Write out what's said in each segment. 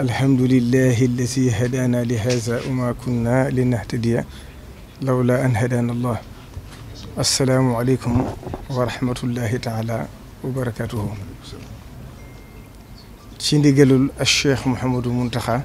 alhamdulillahi alladi hadaana li haza wama kunna linahtadiya lawla an hadaana allah assalaamu aleykum wa rahmatullahi taala wa barakatuhu ci ndigalul Cheikh Mouhamadou Mountakha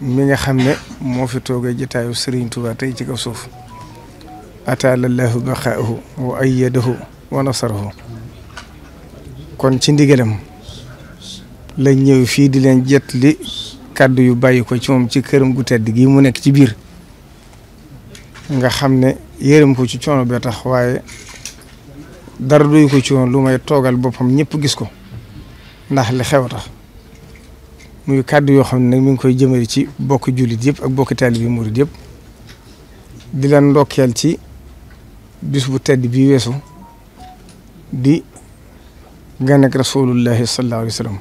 mi nga xam ne moo fi toogee jataayu Sëriñ Tuubaa tey ci kaw suuf ataala allahu baqaahu wa ayyadahu wa nasarahu kon ci ndigalam lañ ñëw fii di leen jeetli kàddu yu bàyyi ko ci moom ci këram gu tedd gii mu nekk ci biir nga xam ne yërëm ko ci coono bee tax waaye dara doy ko ci woon lu may toogal boppam ñëpp gis ko ndax li xew tax muy kàddu yoo xam ne nag mi ngi koy jëmale ci bokk jullit yëpp ak bokk taalibe murid yépp di leen ndokkeel ci bis bu tedd bi weesu di gan ak rasulullahi sallallahu alayhi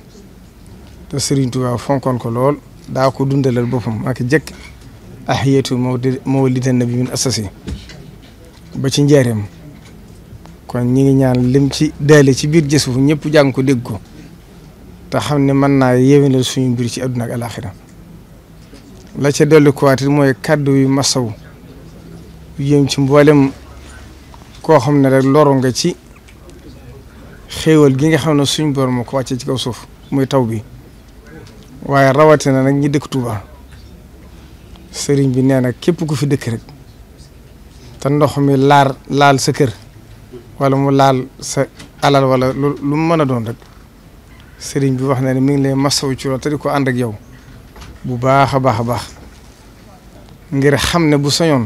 te Serigne Touba fonkoon ko lool daa ko dundalal boppam ak jëkk ahiyatu mawlidin nabi min asasi ba ci njaareem kon ñi ngi ñaan lim ci daale ci biir jës bu ñëpp jàng ko dégg ko te xam ne mën naa yéwénal suñu mbir ci àdduna ak alaxira la ca dellu kuwaat mooy kàddu yu masaw yëm ci mbooleem koo xam ne rek loro nga ci xéewal gi nga xam ne suñu borom moo ko wàccee ci kaw suuf mooy taw bi waaye rawatina nag ñi dëkk Touba sëriñ bi nee na képp ku fi dëkk rek te ndox mi laar laal sa kër walla mu laal sa alal wala lu mu mën a doon rek sëriñ bi wax na ne mi ngi lay masawu ci loolu di ko ànd ak yow bu baax a baax a baax ngir xam ne bu soñoon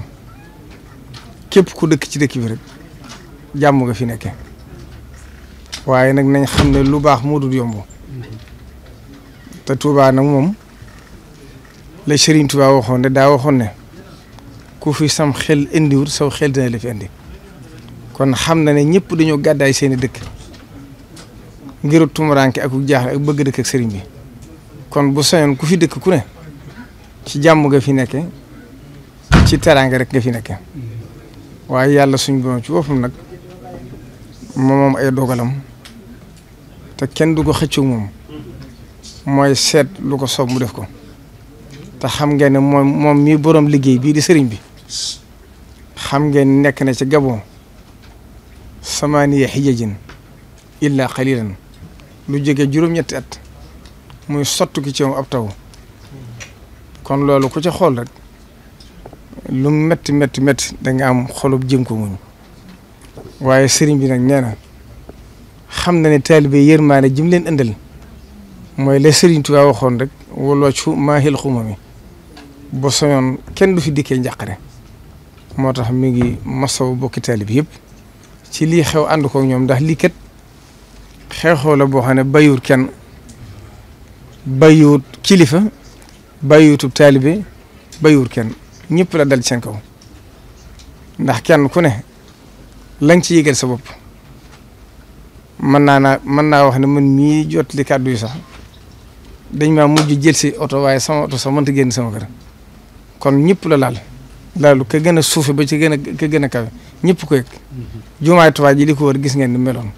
képp ku dëkk ci dëkk bi rek jàmm nga fi nekke waaye nag nañ xam ne lu baax moo dul yombu te Touba nag moom la Serigne Touba waxoon ne daa waxoon ne ku fi sam xel indiwul saw xel dina la fi indi kon xam na ne ñëpp dañoo gàddaay seeni dëkk ngir tumuranke ak jaaxle ak bëgg dëkk ak sëriñ bi kon bu sañoon ku fi dëkk ku ne ci jàmm ga fi nekke ci teraanga rek nga fi nekke waaye yàlla suñ borom ci boppam nag moom ay dogalam te kenn du ko xëccoo moom mooy seet lu ko soob mu def ko te xam ngeen ne moom moom mii boroom liggéey bii di sëriñ bi xam ngeen nekk na ci Gabon samaaniya xijajin illa xalilan lu jóge juróom-ñetti at muy sottu ki ci ab taw kon loolu ku ci xool rek lu métti métti métti da nga am xolub jëm ko muñ waaye sëriñ bi nag nee na xam na ne taalibe yërmaane jëm leen ëndal mooy la Sëriñ Tuubaa waxoon rek wala ci maahil xuma mi ba kenn du fi dikkee njàqare moo tax mi ngi masaw bokki taalib yëpp ci lii xew ànd ko ñoom ndax lii kat xeexoo la boo xam ne bayuut kenn bayuut kilifa bayuutub taalibe bayuut kenn ñëpp la dal ci ndax kenn ku ne lañ ci yëgal sa bopp mën naa naa mën naa wax ne man mii jot li kàddu yi sax dañ ma mujj jël si oto waaye sama oto sax mënta génn sama kër kon ñëpp la laal laalu ka gën a suufe ba ci gën a ka gën a kawe ñëpp ko yëg mhm. jumaay Tuubaa ji li ko war gis ngeen ni meloon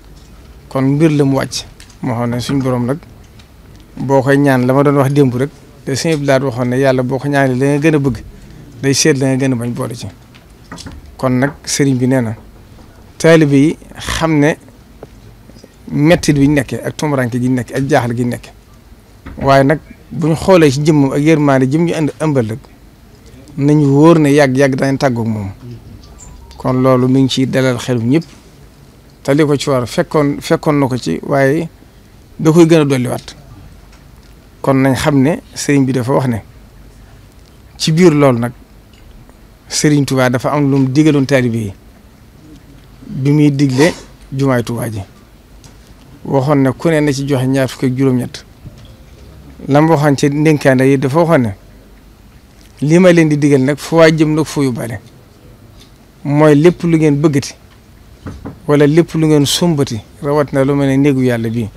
kon mbir la mu wàcc moo xam ne suñ borom nag boo koy ñaan la ma doon wax démb rek te suñu bilaat waxoon ne yàlla boo ko ñaanee la gën a bëgg day seet la nga gën a bañ boole ci kon nag sëriñ bi nee na taalibe yi xam ne mettit bi ñu nekkee ak tumuraanke gi ñu nekkee ak jaaxal gi ñu nekkee waaye nag bu ñu xoolee ci jëmmam ak yërmaande jëm ñu indi ëmbal rek nañu wóor ne yàgg-yàgg danañ tàggoog moom kon loolu mi ngi ciy dalal xelu ñëpp te li ko ci war fekkoon fekkoon na ko ci waaye da koy gën a dolliwaat kon nañ xam ne sëriñ bi dafa wax ne ci biir loolu nag sëriñ Touba dafa am lu mu digaloon taalibe yi bi muy digle jumaay Touba ji waxoon ne ku ne na ci joxe ñaar fukk ak juróom-ñett la ma waxoon ci yi dafa waxoon lii ma leen di digal nag fu waa jëm nag fu yóbbaale mooy lépp lu ngeen bëggati wala lépp lu ngeen sumbati rawat na lu mel ne néegu yàlla bi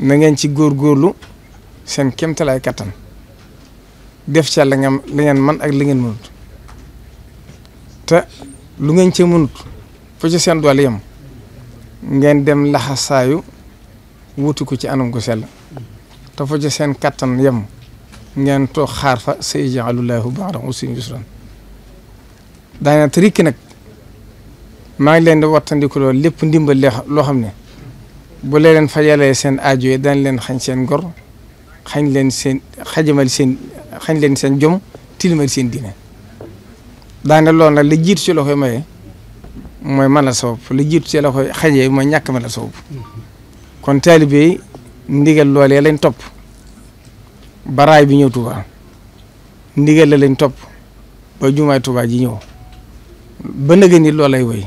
na ngeen ci góorlu seen kéemtalaay kattan def ca la ngeen la ngeen man ak la ngeen mënut te lu ngeen ca mënut fu ci seen doole yem ngeen dem laxasaayu wuti ko ci anam ko sell te fa ca seen kattan yem ngeen toog xaar fa sa ijaalullahu baada usin yusran daana trikki nag maa ngi leen di wattandiku loolu lépp ndimbal loo xam ne bu leen fa yalee seen ajo yi dañ leen xañ seen gor xañ leen seen xajamal seen xañ leen seen jom tilimal seen diine daane loolu nag la jiitu ci la koy maye mooy mën la sabab la jiitu ci la koy xañee mooy ñàkk mën la sabab kon taalibe ndigal loolee lañ topp baraay bi ñëw Touba ndigal la lañ topp ba jumaay ji ñëw ba nëgë ni loolay woy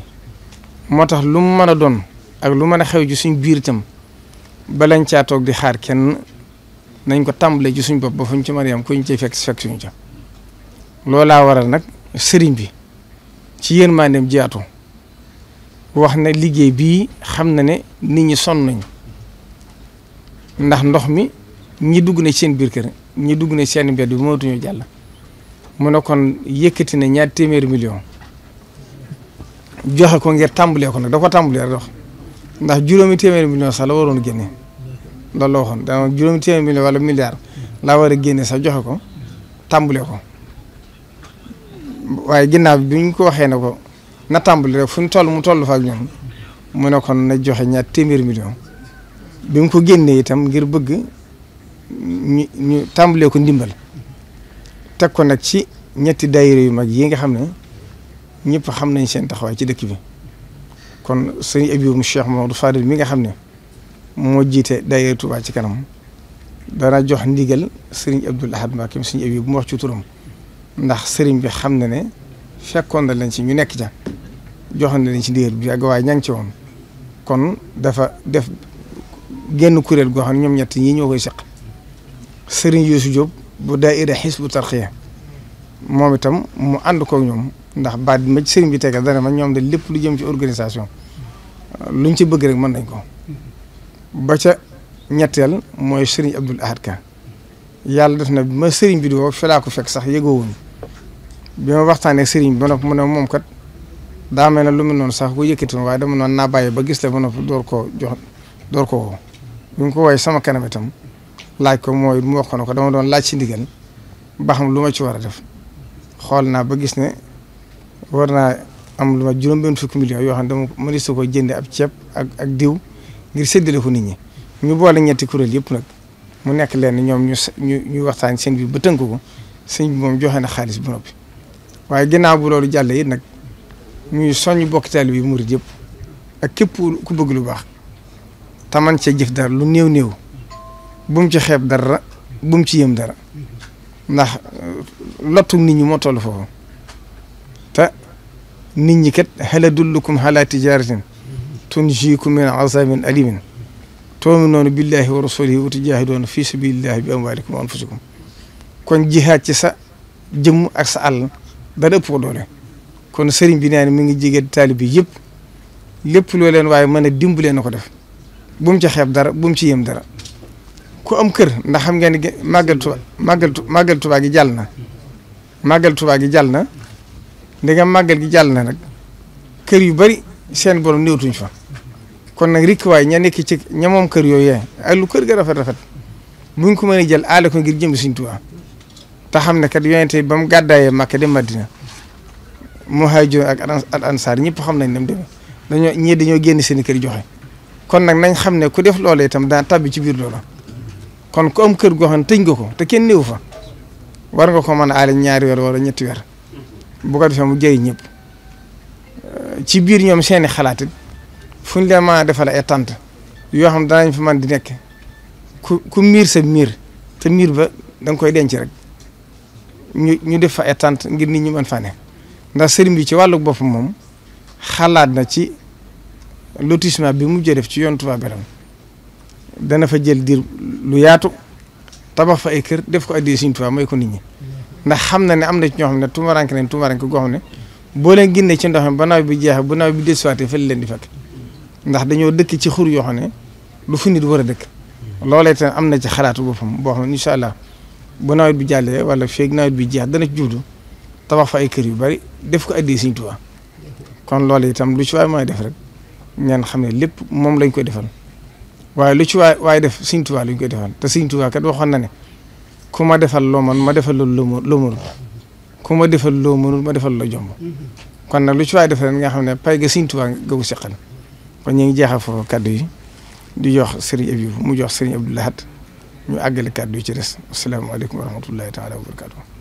moo tax lu mën a doon ak lu mën a xew ji suñ biir itam balañ caa toog di xaar kenn nañ ko tàmbalee ci suñ bopp ba fuñ ci man a yem ku ñu cay fekk fekk suñu ca loolaa waral nag sëriñ bi ci yéen maa dem wax na liggéey bii xam na ne nit ñi sonn nañ ndax ndox mi ñi dugg na seen biir kër ñi dugg na seen mbedd bi mënatuñu jàll mu ne kon yëkkati na ñaar million joxe ko ngir tàmbalee ko nag da ko tàmbalee dox ndax juróomi téeméeri million sax la waroon génne loolu la waxoon da juróomi téeméeri million wala milliard laa war a génne sax joxe ko tàmbalee ko waaye ginnaaw bi ko waxee ne ko na tàmbali rek fu ñu toll mu toll fa ak ñoom mu ne na joxe ñaat téeméeri million bi mu ko génnee itam ngir bëgg ñu ñu tàmbalee ndimbal teg ko nag ci ñetti daayira yu mag yii nga xam ne ñëpp xam nañ seen taxawaay ci dëkk bi kon sëñ Abiou mu Cheikh du Fadil mi nga xam ne moo jiite daayira Touba ci kanam dana jox ndigal sëriñ Abdoul Ahad Mbacké sëñ Abiou bu mu wax ci turam ndax sëriñ bi xam na ne fekkoon na lañ ci ñu nekk ca joxoon na ci ndigal bi yàgg waaye ña ngi ci woon kon dafa def genn kuréel goo xam ne ñoom ñett ñii ñëw koy seq sëriñ Youssou Diop bu daayira bu Tarqiyyah moom itam mu ànd ko ñoom ndax baat ma ci sëriñ bi tegal ma ñoom de lépp lu jëm ci organisation luñ ci bëgg rek mën nañ ko ba ca mooy sëriñ Abdoul Ahad Ka yàlla def na ma sëriñ bi di woo ko fekk sax yëgoo woon bi ma waxtaanee sëriñ bi ba noppi mu ne moom kat daa mel ne lu mu noonu sax ko yëkkati ma waaye dama noonu naa bàyyi ba gis la ba noppi door koo jox door ko woo bi ko waaye sama kanam itam laaj ko mooy mu waxoon ko dama doon laaj ci ndigal ba xam lu ma ci war a def xool naa ba gis ne war naa am lu ma juróom-benn fukki millions yoo xam ne dama mënees ko jënd ab ceeb ak ak diw ngir séddale ko nit ñi ñu boole ñetti kuréel yëpp nag mu nekk leen ñoom ñu ñu ñu waxtaan seen bi ba tënk ko sëñ bi moom joxe na xaalis bu noppi waaye ginnaaw bu loolu jàlle it nag ñuy soñ bokk taalibe bi murid yëpp ak képp ku bëgg lu baax. te man cee jëf dara lu néew néew bu mu ci xeeb dara bu mu ci yëm dara ndax euh, lottu nit ñi moo toll foofu te nit ñi kat hal adullukum ala tijaratin tunjiikum min azabin alimin tu'minuuna billahi wa rasulihi wa tujaahiduuna fi sabilillahi bi amwaalikum wa anfusikum kon jihaad ci sa jëmm ak sa àll dara ëpp doole kon sëriñ bi nee na mi ngi jege taalibe bi lépp loo leen waaye man a dimbalee na ko def bum mu ci xeeb dara bum ci yem dara ku am kër ndax xam ngeen ne màggal tuba màggal gi jàll na màggal tuba gi jàll na ndegam màggal gi jàll na nag kër yu bari seen borom néewtuñ fa kon nag rikk waay ña nekk ci ña moom kër yooyu yee ak lu kër ga rafet rafet buñ ko mënee jël aale ko ngir jëm Sëriñ Tuubaa te xam ne kat yonente ba mu gàddaayee Makka dem Madina muhaajir ak al ansaar ñëpp xam nañ ne mu demee dañoo ñii dañoo génn seeni kër joxe. kon nag nañ xam ne ku def loola itam daa tabbi ci biir loola kon ku kër goo xam ne tëj nga ko te kenn néew fa war nga ko mën a aale ñaari weer wala ñetti weer bu ko mu jëriñ ñëpp euh, ci biir ñoom seeni xalaat it fu leen mën defal ay tànt yoo xam danañ fa man di nekk ku ku miir sa miir te miir ba da koy denc rek ñu ñu def fa ay ngir nit ñi mën fane ne ndax sëriñ bi ci wàllu bopp moom xalaat na ci. lotissement bi mu def ci yoon Touba Belem dana fa jël diir lu yaatu tabax fa ay kër def ko addee Sëriñ Touba may ko nit ñi ndax xam na ne am na ñoo xam ne tumaranke leen ne boo leen génnee ci ndox mi ba nawet bi jeexee bu nawet bi desuwaatee fa leen di fekk ndax dañoo dëkk ci xur yoo xam ne lu fu nit war a dëkk loolee itam am na ci xalaatu boppam boo xam ne allah bu bi jàllee wala feeg bi jeex dana ci tabax fa ay kër yu bari def ko addee Sëriñ kon loolu itam lu ci waay mooy def rek. ngeen xam ne lépp moom lañ koy defal waaye lu ci waay waaye def Sëriñ Tuubaa lañ koy defal te Sëriñ Tuubaa kat waxoon na ne ku ma defal loo mën ma defal loolu loo mënul ku ma defal loo mënul ma defal la jomb kon nag lu ci waay defal nga xam ne pay ga Sëriñ Tuubaa gawu seqal kon ñu ngi jeexal foofu kaddu yi di jox Serigne Abibou mu jox Serigne Abdou Lahad ñu àggale kaddu yi ci des asalaamaaleykum wa rahmatullahi taala wa barakatuh